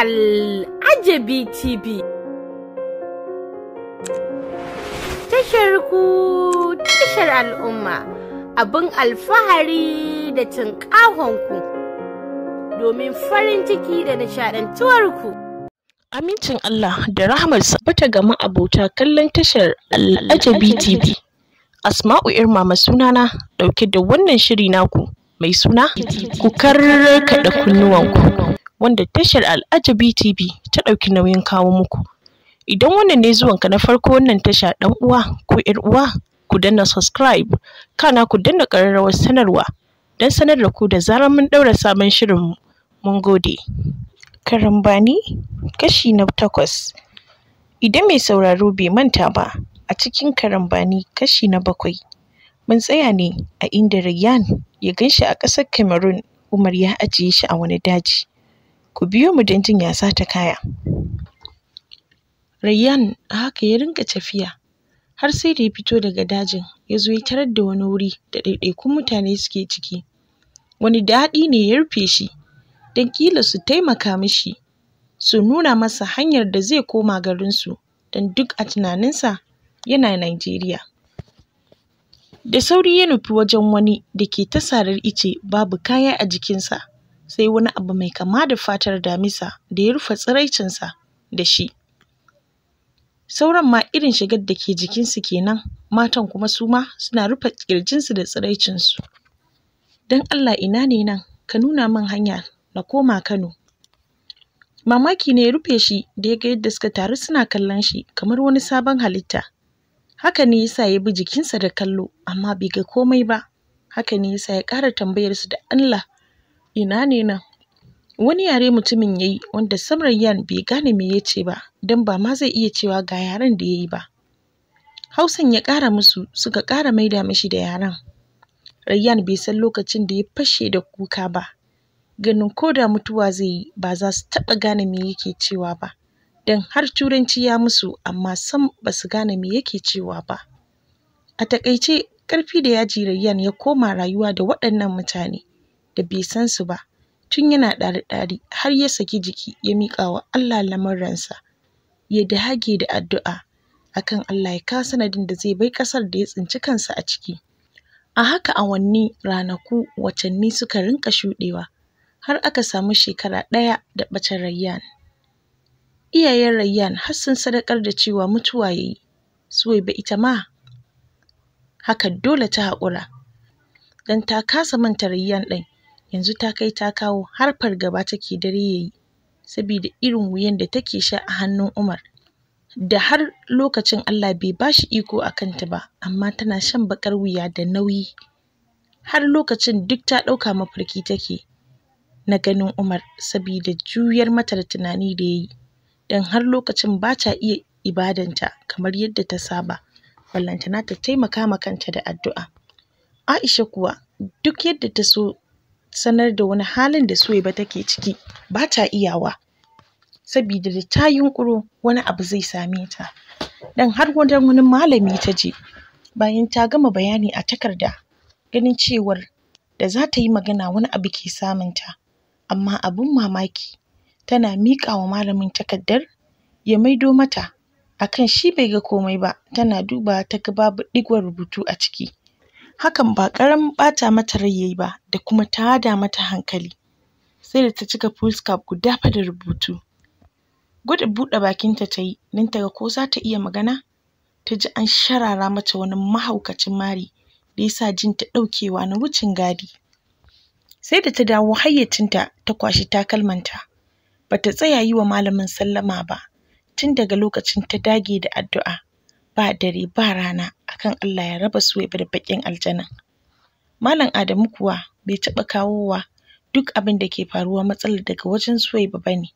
Al'ajabi TV. Tashar ku tashar al'umma abin alfahari da cin ku domin farin ciki da ku. Amincin Allah da rahmar sabata ga abota kallon tashar Al'ajabi TV. Asma'u Irma sunana ɗauke da wannan shiri naku mai suna ku karkaɗa kunnuwanku. wanda tashar Al'ajabi TV ta ɗauki nauyin kawo muku. Idan wannan ne zuwanka na farko wannan tasha ɗan uwa ko ‘yar uwa ku danna subscribe kana ku danna ƙararrawar sanarwa don sanar da ku da zarar mun ɗaura sabon shirin Mun gode. Karambani kashi na takwas. Idan mai sauraro bai manta ba a cikin karambani kashi na bakwai mun tsaya ne a inda Rayyan ya ganshi a ƙasar Cameroon Umar ya ajiye shi a wani daji Ku biyo mu don jin ya sa ta kaya. Rayyan haka ya rinka tafiya har sai da ya fito daga dajin ya zo ya tarar da wani wuri da ɗaiɗaikun mutane suke ciki. Wani daɗi ne ya rufe shi don ƙila su taimaka mishi su nuna masa hanyar da zai koma garinsu don duk a tunaninsa yana Najeriya. Da sauri ya nufi wajen wani da ke ta sarar ice babu kaya a jikinsa. sai wani abu mai kama da fatar damisa da ya rufe tsiraicinsa da shi sauran ma irin shigar da ke jikinsu kenan matan kuma su ma suna rufe ƙirjinsu da tsiraicinsu don allah ina ne nan ka nuna min hanya na koma kano mamaki ne ya rufe shi da ya ga yadda suka taru suna kallon shi kamar wani sabon halitta haka ne yasa ya bi jikinsa da kallo amma bai ga komai ba haka ne yasa ya ƙara tambayar su da Allah ina ne nan wani yare mutumin yayi wanda sam Rayyan bai gane me yace ba dan ba ma zai iya cewa ga yaren da yayi ba Hausan ya ƙara musu suka ƙara maida mashi da yaren Rayyan bai san lokacin da ya fashe da kuka ba ganin ko da mutuwa zai yi ba za su taɓa gane me yake cewa ba don har turanci ya musu amma sam ba su gane me yake cewa ba a takaice ƙarfi da yaji Rayyan ya koma rayuwa da waɗannan mutane da bai san su ba tun yana ɗari-ɗari har ya saki jiki ya miƙa wa Allah lamuransa ya hage da addu'a akan Allah ya kawo sanadin da zai bai ƙasar da ya tsinci kansa a ciki a haka awanni ranaku watanni suka rinƙa shuɗewa har aka samu shekara ɗaya da ɓacin Rayyan iyayen Rayyan har sun sadakar da cewa mutuwa ya yi Suwaiba ita ma haka dole ta haƙura don ta kasa manta Rayyan ɗin yanzu ta kai ta kawo har fargaba take dare yayi saboda irin wuyan da take sha a hannun Umar da har lokacin Allah bai bashi iko a kanta ba amma tana shan bakar wuya da nauyi har lokacin duk ta ɗauka mafarki take na ganin Umar sabida juyar mata da tunani da yayi don har lokacin ba ta iya ibadanta kamar yadda ta saba ballantana ta taimaka ma kanta da addu'a Aisha kuwa duk yadda ta so sanar da wani halin da ba take ciki ba ta iyawa sabida da ta yunƙuro wani abu zai same ta dan har wajen wani malami ta je bayan ta gama bayani a takarda ganin cewar da za ta yi magana wani abu ke samun ta amma abun mamaki tana miƙa wa malamin takardar ya maido mata akan shi bai ga komai ba tana dubawa ta ga babu ɗigon rubutu a ciki hakan ba ƙaramin ɓata mata rai yayi ba da kuma tada mata hankali sai da ta cika foolscap guda fa da rubutu gudun buɗe bakinta tayi don taga ko zata iya magana Ta ji an sharara mata wani mahaukacin mari da yasa jin ta ɗaukewa na wucin gadi sai da ta dawo hayyacinta ta kwashi takalmanta bata tsaya yiwa malamin sallama ba tun daga lokacin ta dage da addu'a ba dare ba rana akan Allah ya raba Suwaiba da baƙin aljanan. Malam Adamu kuwa bai taɓa kawowa duk abin da ke faruwa matsalar daga wajen Suwaiba ba ne.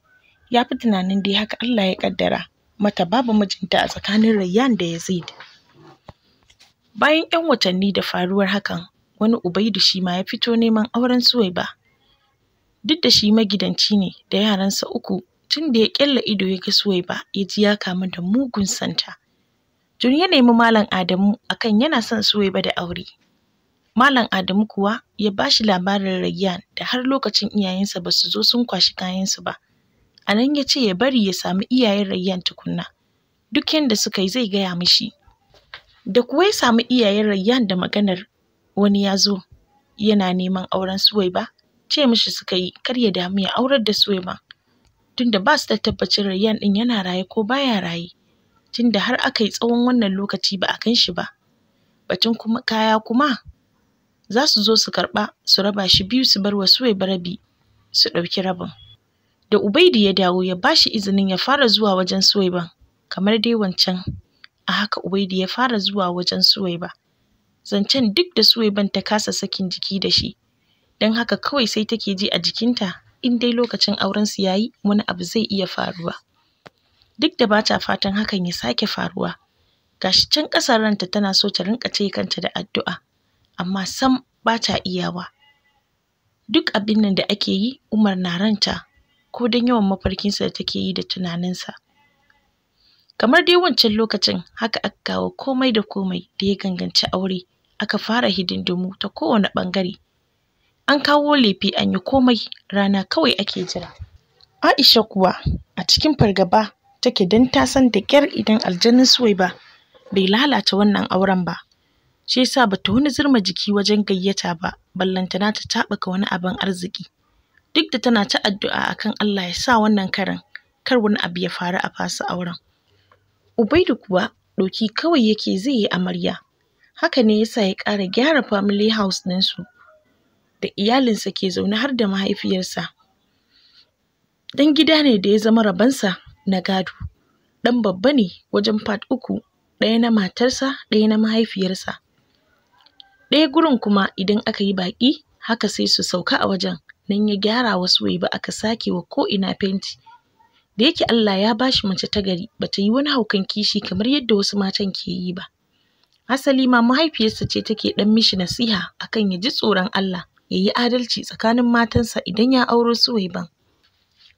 Ya fi tunanin dai haka Allah ya ƙaddara mata babu mijinta a tsakanin Rayyan da Yazid. Bayan 'yan watanni da faruwar hakan, wani Ubaidu shi ma ya fito neman auren Suwaiba. Duk da shi magidanci ne da yaransa uku tun da ya ƙyalla ido ya ga Suwaiba ya ji ya kamu da mugun santa. Jun ya nemi Malam Adamu akan yana son Suwaiba da aure. Malam Adamu kuwa ya ba shi labarin Rayyan da har lokacin iyayensa ba su zo sun kwashi kayansu ba. A nan ya ce ya bari ya samu iyayen Rayyan tukunna. Duk yadda suka yi zai gaya mishi. Da kuwa ya samu iyayen Rayyan da maganar wani ya zo yana neman auren Suwaiba, ce mishi suka yi kar ya damu ya aurar da Suwaiba. Tunda ba su da tabbacin Rayyan ɗin yana raye ko baya raye. tunda har aka yi tsawon wannan lokaci ba a kan shi ba batun kuma kaya kuma za su zo su karɓa su raba shi biyu su bar wa suwaiba rabi su ɗauki rabin da ubaidu ya dawo ya ba shi izinin ya fara zuwa wajen suwaiban kamar dai wancan a haka ubaidu ya fara zuwa wajen suwaiba zancen duk da suwaiban ta kasa sakin jiki da shi don haka kawai sai take ji a jikinta in dai lokacin aurensu ya yi wani abu zai iya faruwa duk da bata fatan hakan ya sake faruwa gashi can ƙasar ranta tana so ta rinka ce kanta da addu'a amma sam ba ta iyawa duk abin nan da ake yi Umar na ranta ko don yawan mafarkinsa da take yi da tunaninsa kamar dai wancan lokacin haka aka kawo komai da komai da ya ganganci aure aka fara hidindimu ta kowane ɓangare an kawo lefe an yi komai rana kawai ake jira Aisha kuwa a cikin fargaba take don ta san da ƙyar idan aljanin suwai ba bai lalata wannan auren ba shi yasa ta wani zurma jiki wajen gayyata ba ballantana ta taɓaka wani abin arziki duk da tana ta addu'a akan Allah ya sa wannan karan kar wani abu ya faru a fasa auren Ubaidu kuwa doki kawai yake zai yi amarya haka ne yasa ya ƙara gyara family house su, da iyalinsa ke zaune har da mahaifiyarsa dan gida ne da ya zama rabansa na gado ɗan babba ne wajen Fat uku ɗaya na matarsa ɗaya na mahaifiyarsa ɗaya gurin kuma idan aka yi baƙi haka sai su sauka a wajen nan ya gyara wasu wai ba aka sake wa ko ina fenti da yake Allah ya bashi mace ta gari ta yi wani haukan kishi kamar yadda wasu matan ke yi ba asali ma mahaifiyarsa ce take ɗan mishi nasiha akan ya ji tsoron Allah ya yi adalci tsakanin matansa idan ya auro su Suwaiban.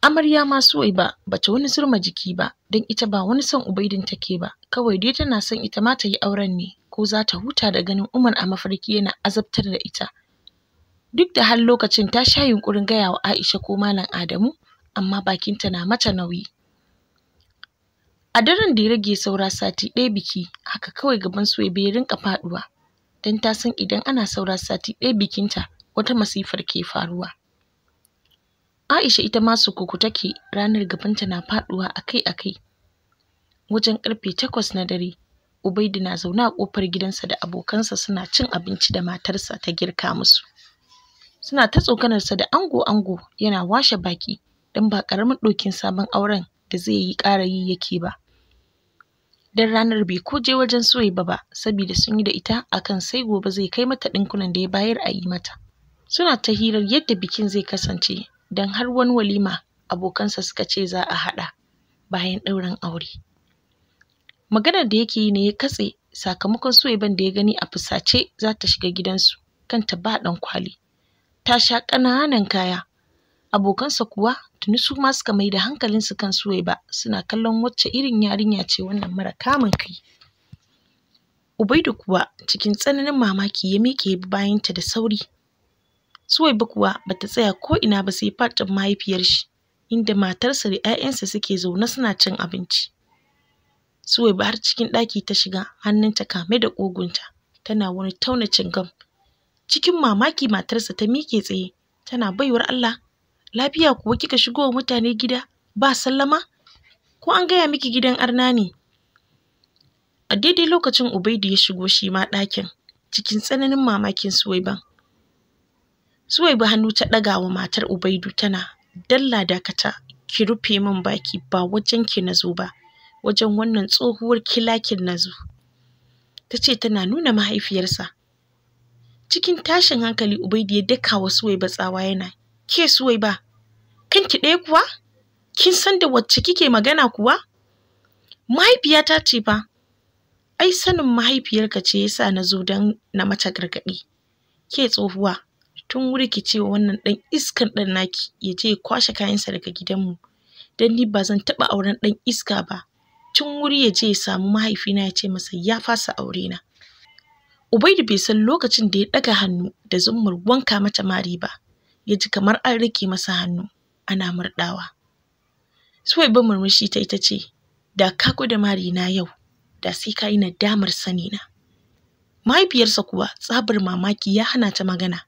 Amarya ma Suwaiba ba bata wani zurma jiki ba, don ita ba wani son Ubaidin take ba, kawai dai tana son ita ma ta yi auren ne, ko za ta huta da ganin Umar a mafarki yana azabtar da ita. Duk da har lokacin ta sha yunƙurin gaya wa Aisha ko Malam Adamu, amma bakinta na mata nauyi. A daren da ya rage saura sati ɗaya biki, haka kawai gaban Suwaiba ya rinka faduwa, don ta san idan ana saura sati ɗaya bikinta, wata masifar ke faruwa. Aisha ita ma sukuku take ranar gabanta na faɗuwa akai-akai. Wajen ƙarfe takwas na dare, Ubaidu na zaune a ƙofar gidansa da abokansa suna cin abinci da matarsa ta girka musu. Suna ta tsokanarsa da ango-ango yana washe baki don ba ƙaramin ɗokin sabon auren da zai yi ƙara yi yake ba. dan ranar bai ko je wajen Suwaiba ba saboda sun yi da ita akan sai gobe zai kai mata ɗinkunan da ya bayar a yi mata. Suna ta hirar yadda bikin zai kasance don har wani walima abokansa suka ce za a haɗa bayan ɗaurin aure. Maganar da yake yi ne ya katse sakamakon Suwaiban da ya gani a fusace za ta shiga gidansu kanta ba ɗan kwali. Ta sha ƙananan kaya. Abokansa kuwa tuni su ma suka mai da hankalinsu kan Suwaiba suna kallon wacce irin yarinya ce wannan mara kamun kai. Ubaidu kuwa cikin tsananin mamaki ya miƙe ya bi bayanta da sauri. Suwaiba kuwa ba ta tsaya ko ina ba sai faɗin mahaifiyar shi inda matarsa da 'ya'yansa suke zaune suna cin abinci. Suwaiba har cikin ɗaki ta shiga hannunta kame da ƙugunta tana wani tauna gam. Cikin mamaki matarsa ta miƙe tsaye tana baiwar Allah lafiya kuwa kika shigo wa mutane gida ba sallama ko an gaya miki gidan arna ne. A daidai lokacin Ubaidu ya shigo shi ma ɗakin cikin tsananin mamakin Suwaiban. Suwaiba hannu ta ɗaga wa matar Ubaidu tana dalla dakata ki rufe min baki ba wajen ki na zo ba wajen wannan tsohuwar kilakin na zo. Ta ce tana nuna mahaifiyarsa. Cikin tashin hankali Ubaidu ya daka wa Suwaiba tsawa yana ke Suwaiba kanki ɗaya kuwa? Kin san da wacce kike magana kuwa? Mahaifiyata ce fa. Ai sanin mahaifiyarka ce yasa na zo don na mata gargaɗi. Ke tsohuwa, tun wuri ki ce wannan ɗan iskan ɗan naki ya je ya kwashe kayansa daga gidanmu dan ni ba zan taɓa auren ɗan iska ba tun wuri ya je ya samu mahaifina ya ce masa ya fasa aure na Ubaidu bai san lokacin da ya ɗaga hannu da zummar wanka mata mari ba ya ji kamar an rike masa hannu ana murɗawa suwai ba murmushi ta ita ce da ka da mari na yau da sai ka yi nadamar sani na mahaifiyarsa kuwa tsabar mamaki ya hana ta magana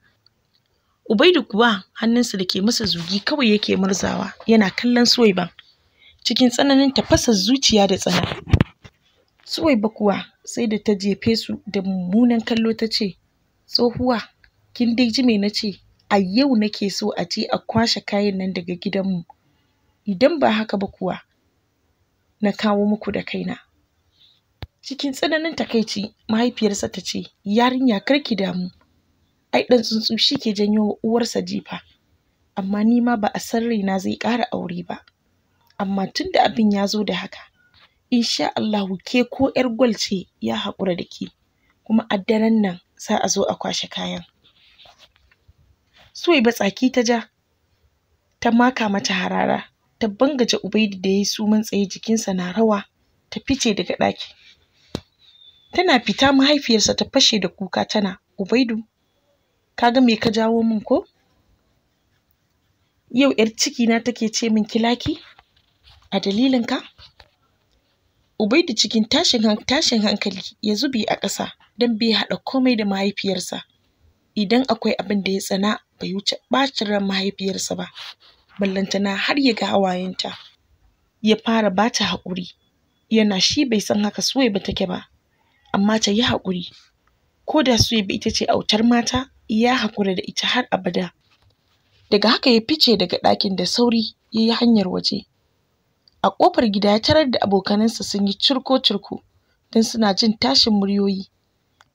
Ubaidu kuwa hannunsa da ke masa zugi kawai yake murzawa yana kallon Suwaiban cikin tsananin tafasar zuciya da tsana. Suwaiba kuwa sai da ta jefe su da mummunan kallo ta ce, Tsohuwa, kin dai ji na ce, a yau nake so a je a kwashe kayan nan daga gidanmu, idan ba haka ba kuwa na kawo muku da kaina. Cikin tsananin takaici mahaifiyarsa ta ce, yarinya kar ki damu, ai ɗan tsuntsu shi ke janyo wa uwarsa jifa amma ni ma ba a san raina zai ƙara aure ba amma tun da abin ya zo da haka insha Allahu ke ko ƴar gwal ce ya haƙura da ke kuma a daren nan za a zo a kwashe kayan suwai ba tsaki ta ja ta maka mata harara ta bangaje Ubaidu da ya yi suman tsaye jikinsa na rawa ta fice daga ɗaki. Tana fita mahaifiyarsa ta fashe da kuka tana, Ubaidu ka ga me ka jawo min ko yau yar ciki na take ce min kilaki a dalilin ka da cikin tashin tashin hankali ya zube a ƙasa don bai haɗa komai da mahaifiyarsa idan akwai abin da ya tsana bai wuce ɓacin ran mahaifiyarsa ba ballantana har ya ga hawayenta ya fara bata haƙuri yana shi bai san haka suwaiba take ba amma ta yi haƙuri ko da suwaiba ita ce autar mata ya haƙura da ita har abada daga haka ya fice daga ɗakin da sauri ya yi hanyar waje a ƙofar gida ya tarar da abokanansa sun yi cirko-cirko don suna jin tashin muryoyi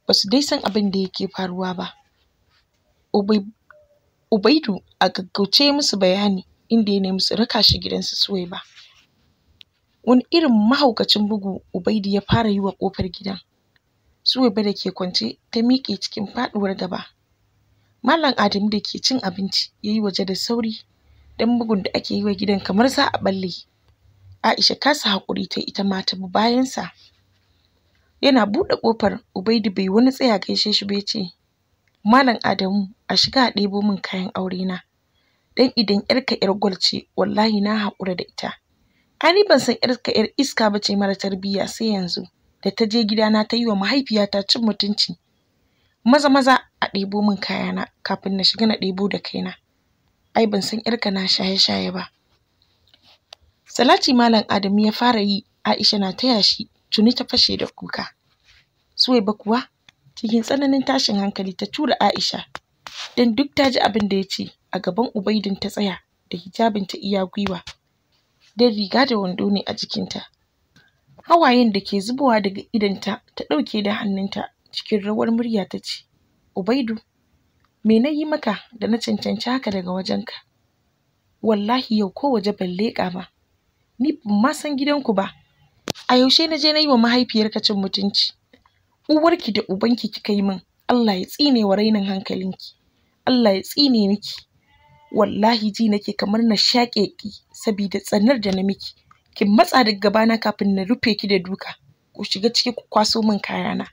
ba su dai san abin da yake faruwa ba ubaidu a gaggauce musu bayani inda ya nemi su raka shi gidansu suwaiba wani irin mahaukacin bugu ubaidu ya fara yi wa ƙofar gidan suwaiba da ke kwance ta miƙe cikin faɗuwar gaba Malam Adamu da ke cin abinci ya yi waje da sauri don bugun da ake yi wa gidan kamar za a ɓalle. Aisha kasa haƙuri ta ita ma ta bayansa. Yana buɗe ƙofar Ubaidu bai wani tsaya gaishe shi ba ya ce, Malam Adamu a shiga a ɗebo min kayan aure na. Dan idan ‘yarka ‘yar gwal ce wallahi na haƙura da ita. Ani ban san ‘yarka ‘yar iska ba ce mara tarbiyya sai yanzu da ta je gidana ta yi wa mahaifiyata cin mutunci. maza maza a ɗebo min kayana kafin na shiga na ɗebo da kaina ai ban san yarka na shaye shaye ba salati malam adamu ya fara yi aisha na taya shi tuni ta fashe da kuka suwai ba kuwa cikin tsananin tashin hankali ta tura aisha don duk ta ji abin da ya ce a gaban ubaidin ta tsaya da hijabin ta iya gwiwa don riga da wando ne a jikinta hawayen da ke zubowa daga idonta ta ɗauke da hannunta cikin rawar murya ta ce Ubaidu me na yi maka da na cancanci haka daga wajenka wallahi yau ko waje ban leƙa ba ni ban ma san gidanku ba a yaushe na je na yi wa mahaifiyarka cin mutunci uwarki da ubanki kika yi min Allah ya tsine wa rainin hankalinki Allah ya tsine miki wallahi ji nake kamar na shaƙe ki sabida tsanar da na miki Kin matsa daga gabana kafin na rufe ki da duka ku shiga ciki ku kwaso min kayana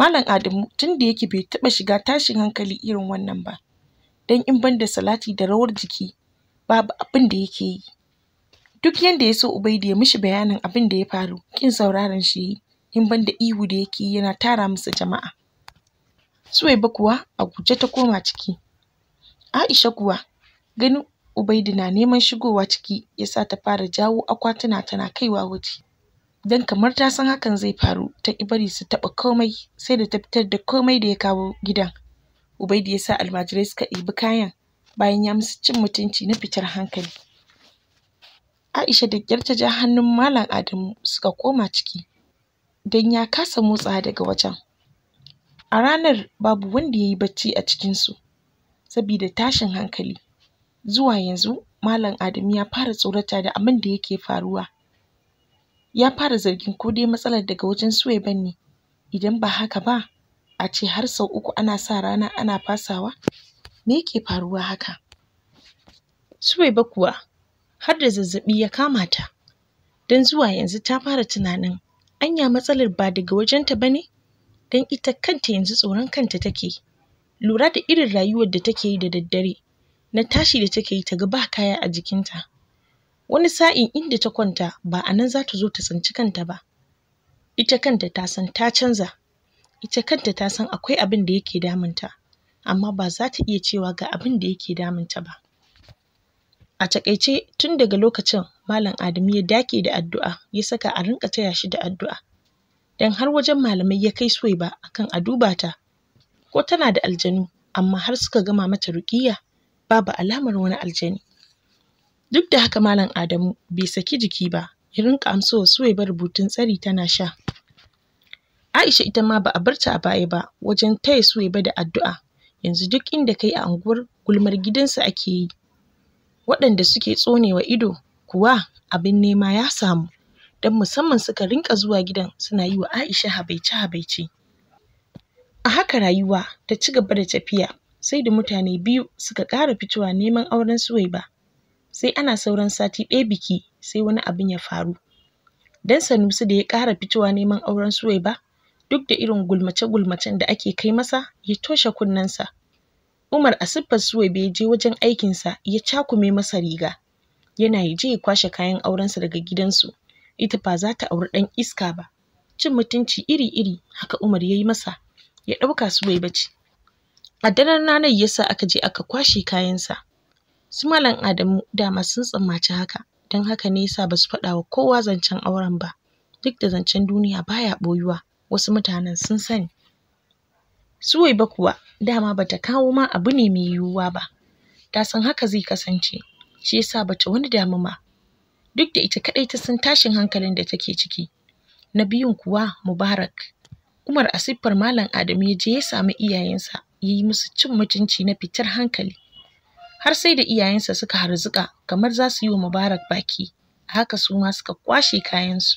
Malam Adamu tun da yake bai taɓa shiga tashin hankali irin wannan ba, don in banda salati da rawar jiki babu abin da yake yi. Duk yadda ya so Ubaidu ya mishi bayanin abin da ya faru, kin sauraron shi yi, in banda ihu da yake yi yana tara masa jama'a. Suwaiba kuwa a guje ta koma ciki. Aisha kuwa ganin Ubaidu na neman shigowa ciki ya sa ta fara jawo akwatuna tana kaiwa waje. don kamar ta san hakan zai faru ta ƙi bari su taɓa komai sai da ta fitar da komai da ya kawo gidan ubaidi ya sa almajirai suka ɗibi kayan bayan ya musu cin mutunci na fitar hankali Aisha da ƙyar ta ja hannun Malam Adamu suka koma ciki don ya kasa motsawa daga wajen a ranar babu wanda ya yi bacci a cikinsu sabida tashin hankali zuwa yanzu Malam Adamu ya fara tsorata da abin da yake faruwa ya fara zargin ko dai matsalar daga wajen Suwaiban ne idan ba haka ba a ce har sau uku ana sa rana ana fasawa me yake faruwa haka Suwaiba kuwa har da zazzaɓi ya kama ta don zuwa yanzu ta fara tunanin anya matsalar ba daga wajenta ba ne don ita kanta yanzu tsoron kanta take lura da irin rayuwar da take yi da daddare na tashi da take yi ta ga ba kaya a jikinta wani sa'in inda ta kwanta ba a nan za ta zo ta tsinci kanta ba ita kanta ta san ta canza ita kanta ta san akwai abin da yake ta, amma ba za ta iya cewa ga abin da yake damunta ba a taƙaice tun daga lokacin malam adamu ya dake da addu'a ya saka a rinka taya shi da addu'a don har wajen malamai ya kai soyi ba akan a duba ta ko tana da aljanu amma har suka gama mata ruƙiyya babu alamar wani aljani Duk da haka Malam Adamu bai saki jiki ba, ya rinƙa amsowa Suwaiba rubutun tsari tana sha. Aisha ita ma ba a bar ta a baya ba wajen taya Suwaiba da addu'a. Yanzu duk inda kai a unguwar gulmar gidansu ake yi. Waɗanda suke tsonewa ido kuwa abin nema ya samu. Don musamman suka rinka zuwa gidan suna yi wa Aisha habaice-habaice. A haka rayuwa ta ci gaba da tafiya sai da mutane biyu suka ƙara fitowa neman auren Suwaiba. sai ana sauran sati ɗaya biki sai wani abin ya faru dan sanusi da ya ƙara fitowa neman auren suwaiba duk da irin gulmace-gulmacen da ake kai masa ya toshe kunnensa umar a siffar suwaiba ya je wajen aikinsa ya cakume masa riga yana ya je ya kwashe kayan aurensa daga gidansu ita ba za ta auri ɗan iska ba cin mutunci iri-iri haka umar ya yi masa ya ɗauka suwaiba ce a daren ranar yasa aka je aka kwashe kayansa su malam Adamu dama sun tsammaci haka don haka ne yasa ba su faɗa wa kowa zancen auren ba duk da zancen duniya baya ɓoyuwa wasu mutanen sun sani Suwaiba kuwa dama bata kawo ma abu ne mai yiwuwa ba ta san haka zai kasance shi yasa bata wani damu duk da ita kaɗai ta san tashin hankalin da take ciki na biyun kuwa Mubarak Umar a siffar Malam Adamu ya je ya samu iyayensa ya yi musu cin mutunci na fitar hankali har sai da iyayensa suka harzuka kamar za su yi wa mubarak baki haka su ma suka kwashe kayansu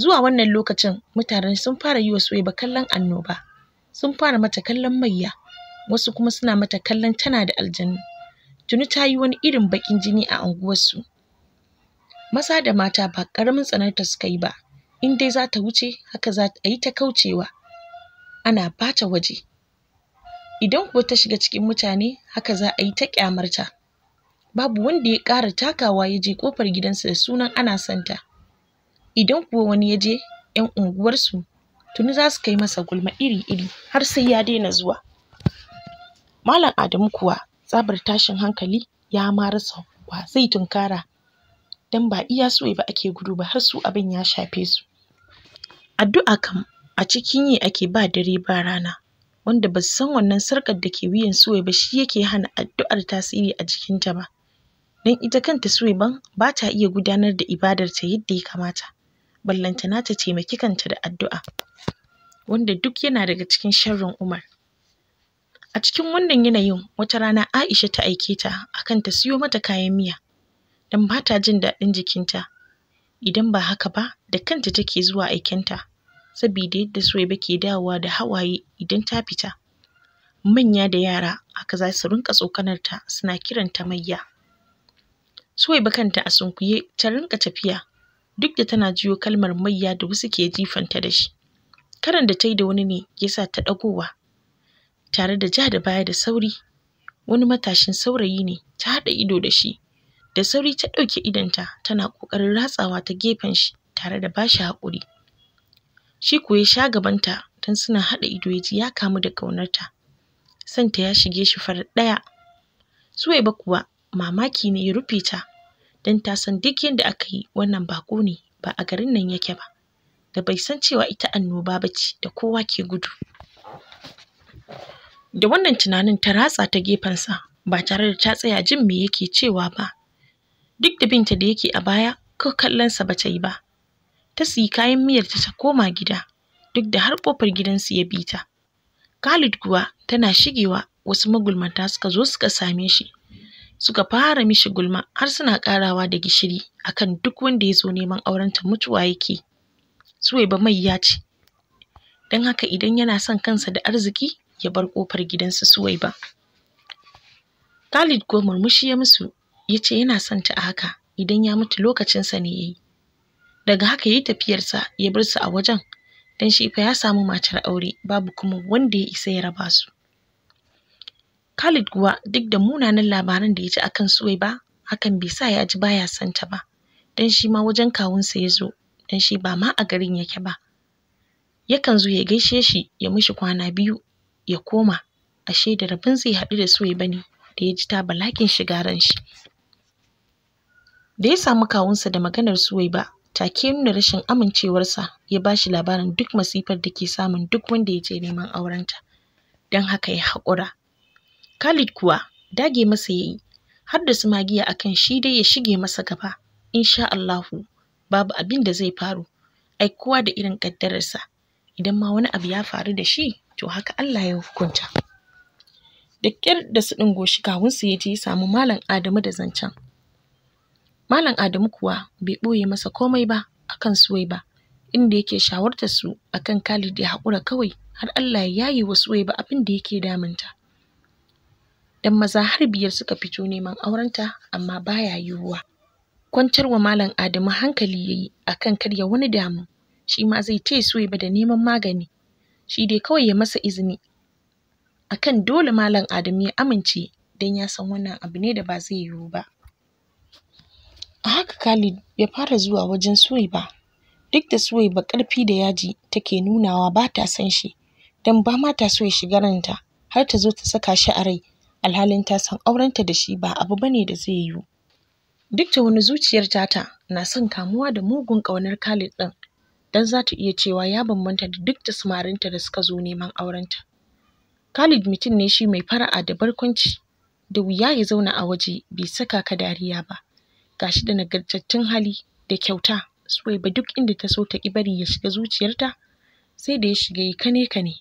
zuwa wannan lokacin mutane sun fara yi wa soyayya kallon annoba sun fara mata kallon mayya wasu kuma suna mata kallon tana da aljanu tuni ta yi wani irin baƙin jini a unguwarsu maza da mata ba karamin tsanarta suka yi ba in dai za ta wuce haka za a yi ta kaucewa ana bata waje idan kuwa ta shiga cikin mutane haka za a yi ta ƙyamarta babu wanda ya ƙara takawa ya je ƙofar gidansa da sunan ana santa idan kuwa wani ya je 'yan unguwarsu tuni za su kai masa gulma iri-iri har sai ya daina zuwa malam adamu kuwa tsabar tashin hankali ya ma rasa wa zai tunkara don ba iya so ba ake gudu ba har su abin ya shafe su addu'a kam a cikin yi ake ba dare ba rana wanda ba su san wannan sarƙar da ke wuyan suwaiba ba shi yake hana addu'ar tasiri a jikinta ba don ita kanta suwaiban ba ta iya gudanar da ibadarta yadda ya kamata ballanta na ta taimaki kanta da addu'a wanda duk yana daga cikin sharrin Umar a cikin wannan yanayin wata rana Aisha ta aike ta akan ta siyo mata kayan miya don ba ta jin daɗin jikinta idan ba haka ba da kanta take zuwa aikenta sabida yadda Suwaiba ke dawowa da hawaye idan ta fita manya da yara haka za su rinƙa tsokanar ta suna kiranta mayya Suwaiba bakanta a sunkuye ta rinƙa tafiya duk da tana jiyo kalmar mayya da wasu ke jifanta da shi karan da ta yi da wani ne ya sa ta ɗagowa tare da ja da baya da sauri wani matashin saurayi ne ta haɗa ido da shi da sauri ta ɗauke idonta tana ƙoƙarin ratsawa ta gefen shi tare da ba shi haƙuri shi kuwa ya sha gabanta tun suna haɗa ido ya ji ya kamu da ƙaunarta santa ya shige shi farar ɗaya Suwaiba kuwa mamaki ne ya rufe ta don ta san duk yadda aka yi wannan baƙo ne ba a garin nan yake ba da bai san cewa ita annoba ba ce da kowa ke gudu da wannan tunanin ta ratsa ta gefensa ba tare da ta tsaya jin me yake cewa ba duk da binta da yake a baya ko kallonsa ba ta yi ba ta siyi kayan miyar ta ta koma gida duk da har ƙofar gidansu ya bi ta. Khalid kuwa tana shigewa wasu magulmanta suka zo suka same shi suka fara mishi gulma har suna ƙarawa da gishiri akan duk wanda ya zo neman aurenta mutuwa yake. ba mai ya ce, don haka idan yana son kansa da arziki ya bar ƙofar gidansu ba Khalid Kuwa murmushi ya musu ya ce yana son ta a haka idan ya mutu lokacinsa ne ya yi. Daga haka ya yi tafiyarsa ya bar su a wajen dan shi fa ya samu matar aure babu kuma wanda ya isa ya raba su Khalid kuwa duk da munanan labaran da ya ji akan Suwaiba hakan bai sa ya ji baya son ta ba dan shi ma wajen kawunsa ya zo dan shi ba ma a garin yake ba yakan zo ya gaishe shi ya mishi kwana biyu ya koma ashe da rabin zai haɗu da Suwaiba ne da ya ji ta balakin shiga ran shi da ya samu kawunsa da maganar Suwaiba take ya nuna rashin amincewarsa ya ba shi labarin duk masifar da ke samun duk wanda ya je neman aurenta don haka ya haƙura Khalid kuwa dage masa ya yi har da su magiya akan shi dai ya shige masa gaba insha Allahu babu abin da zai faru ai kowa da irin ƙaddararsa idan ma wani abu ya faru da shi to haka Allah ya hukunta da ƙyar da su ɗingo shi kawunsu ya je ya samu malam Adamu da zancen Malam Adamu kuwa bai ɓoye masa komai ba akan ba inda yake shawartar su akan Khalid ya haƙura kawai har Allah ya yaye wa Suwaiba abin da yake damunta. Dan maza har biyar suka fito neman aurenta amma baya yiwuwa. Kwantar wa Malam Adamu hankali ya yi akan karya karya wani damu shi ma zai taya Suwaiba da neman magani shi dai kawai ya masa izini A kan dole Malam Adamu ya amince don ya san wannan abu ne da ba zai yiwu ba. A haka Khalid ya fara zuwa wajen Suwaiba. Duk da Suwaiba ƙarfi da yaji take nunawa ba ta son shi, dan ba ma ta so ya shiga ranta har ta zo ta saka shi a rai, alhalin ta san aurenta da shi ba abu bane da zai yiwu. Duk da wani zuciyar tata na son kamuwa da mugun ƙaunar Khalid ɗin, dan za ta iya cewa ya bambanta da duk da samarinta da suka zo neman aurenta. Khalid mutum ne shi mai fara'a da barkwanci, da wuya ya zauna a waje bai saka ka dariya ba. gashi da nagartattun hali da kyauta Suwaiba duk inda ta so ta bari ya shiga zuciyarta sai da ya shiga yi kane kane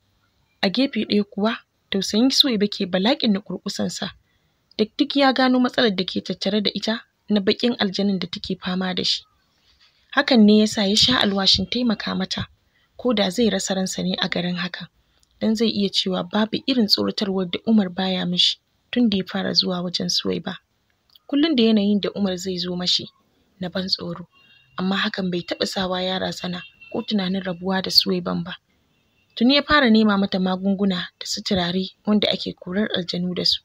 a gefe ɗaya kuwa tausayin Suwaiba ke bala'in na kurkusansa da duk ya gano matsalar da ke tattare da ita na baƙin aljanun da take fama da shi hakan ne yasa ya sha alwashin taimaka mata ko da zai rasa ransa ne a garin hakan dan zai iya cewa babu irin tsoratarwar da Umar baya mishi tun da ya fara zuwa wajen Suwaiba kullum da yanayin da Umar zai zo mashi na ban tsoro amma hakan bai taɓa sawa yara sana ko tunanin rabuwa da Suwaiban ba. Tuni ya fara nema mata magunguna da su turare wanda ake korar aljanu da su.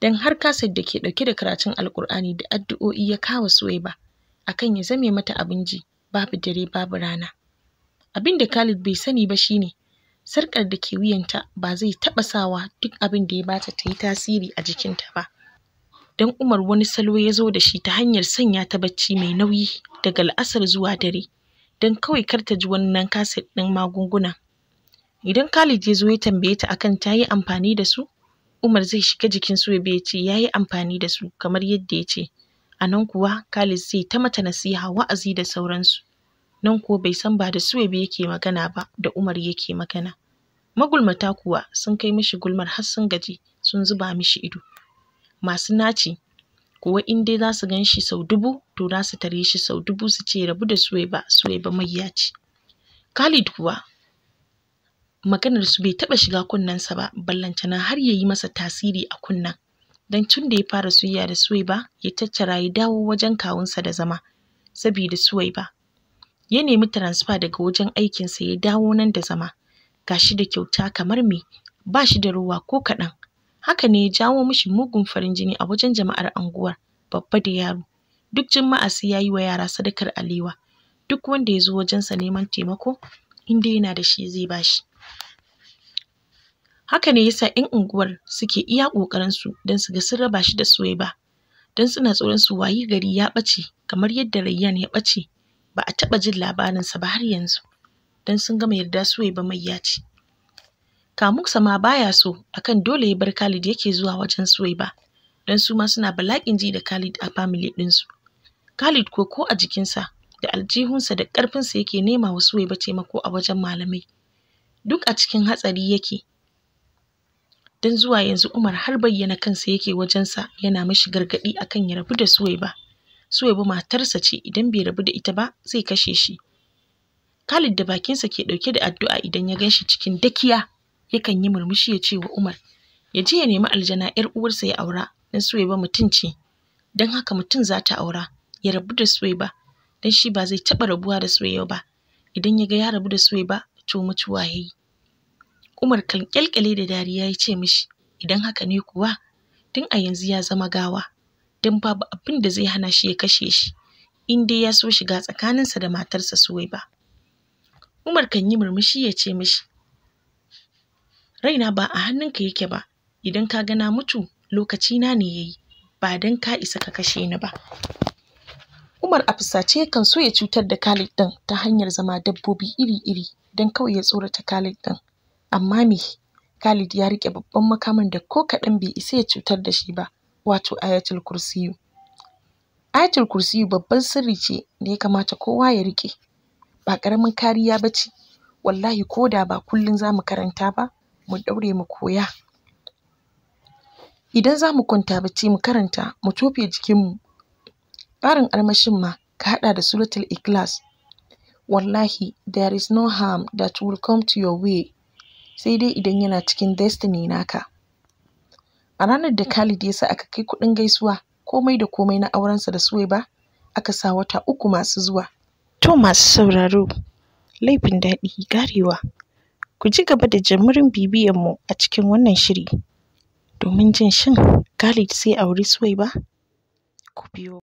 Dan har kaset da ke ɗauke da karatun Alƙur'ani da addu'o'i ya kawo Suwaiba akan ya zame mata abin ji babu dare babu rana. Abin da Khalid bai sani ba shine sarƙar da ke wuyanta ba zai taɓa sawa duk abin da ya bata ta yi tasiri a jikinta ba. don Umar wani salo ya zo da shi ta hanyar sanya ta bacci mai nauyi daga la'asar zuwa dare don kawai kar ta ji wannan kaset ɗin magunguna. Idan Khalid ya zo ya tambaye ta akan ta yi amfani da su, Umar zai shiga jikin Suwaiba ya ce ya yi amfani da su kamar yadda ya ce. A nan kuwa Khalid zai ta mata nasiha wa'azi da sauransu. Nan kuwa bai san ba da Suwaiba yake magana ba da Umar yake magana. Magulmata kuwa sun kai mishi gulmar har sun gaji sun zuba mishi ido. masu naci kuwa in dai za su gan shi sau dubu to za su tare shi sau dubu su ce rabu da suwaiba ba mayya ce khalid kuwa maganar su bai taɓa shiga kunnen sa ba na har ya yi masa tasiri a kunnen don tun da ya fara soyayya da suwaiba ya tattara ya dawo wajen kawunsa da zama saboda ba ya nemi transfer daga wajen aikinsa ya dawo nan da zama gashi da kyauta kamar me ba shi da ruwa ko kaɗan haka ne ya jawo mishi mugun farin jini a wajen jama'ar anguwar babba da yaro duk juma'a sai ya yi wa yara sadakar alewa duk wanda ya zo wajensa neman taimako inda yana da shi zai bashi haka ne yasa 'yan unguwar suke iya ƙoƙarinsu don su ga sun raba shi da Suwaiba don suna tsoron su wayi gari ya ɓace kamar yadda Rayyan ya ɓace ba a taɓa jin labarinsa ba har yanzu don sun gama yarda Suwaiba ya ce Kamuksa ma baya so akan dole ya bar Khalid yake zuwa wajen Suwaiba don su ma suna bala'in ji da Khalid a family ɗinsu. Khalid ko ko a jikinsa da aljihunsa da ƙarfinsa yake nema wa Suwaiba taimako a wajen malamai. Duk a cikin hatsari yake. Don zuwa yanzu Umar har bayyana kansa yake wajensa yana mishi gargaɗi akan ya rabu da Suwaiba. Suwaiba matarsa ce idan bai rabu da ita ba zai kashe shi. Khalid da bakinsa ke ɗauke da addu'a idan ya gan shi cikin dakiya yakan yi murmushi ya ce wa Umar ya je ya nemi aljana ‘yar uwarsa ya aura don Suwaiba mutum ce don haka mutum za ta aura ya rabu da Suwaiba don shi ba zai taɓa rabuwa da Suwaiba ba idan ya ga ya rabu da Suwaiba to mutuwa ya yi. Umar kan kyalkyale da dariya ya ce mishi idan haka ne kuwa tun a yanzu ya zama gawa don babu abin da zai hana shi ya kashe shi in dai ya so shiga tsakaninsa da matarsa Suwaiba. Umar kan yi murmushi ya ce mishi raina ba a hannunka yake ba idan ka ga na mutu na ne yayi ba dan ka isa ka kashe ni ba Umar a fusace kan so ya cutar da Khalid din ta hanyar zama dabbobi iri-iri don kawai ya tsorata Khalid din amma me Khalid ya rike babban makamin da ko kaɗan bai isa ya cutar da shi ba wato ayatul kursiyu ayatul kursiyu babban sirri ce da ya kamata kowa ya rike ba ƙaramin kariya ba ce wallahi ko da ba kullum za mu karanta ba mu daure mu koya idan zamu mu kwanta bacci mu karanta mu tofe jikinmu ƙarin armashin ma ka haɗa da suratul ikhlas wallahi there is no harm that will come to your way sai dai idan yana cikin destiny naka a ranar da Khalid ya sa aka kai kuɗin gaisuwa komai da komai na aurensa da ba aka sa wata uku masu zuwa to masu sauraro laifin daɗi garewa ku ji gaba da jimirin bibiyan mu a cikin wannan shiri domin jin shin Khalid sai auri Suwaiba? Ku biyo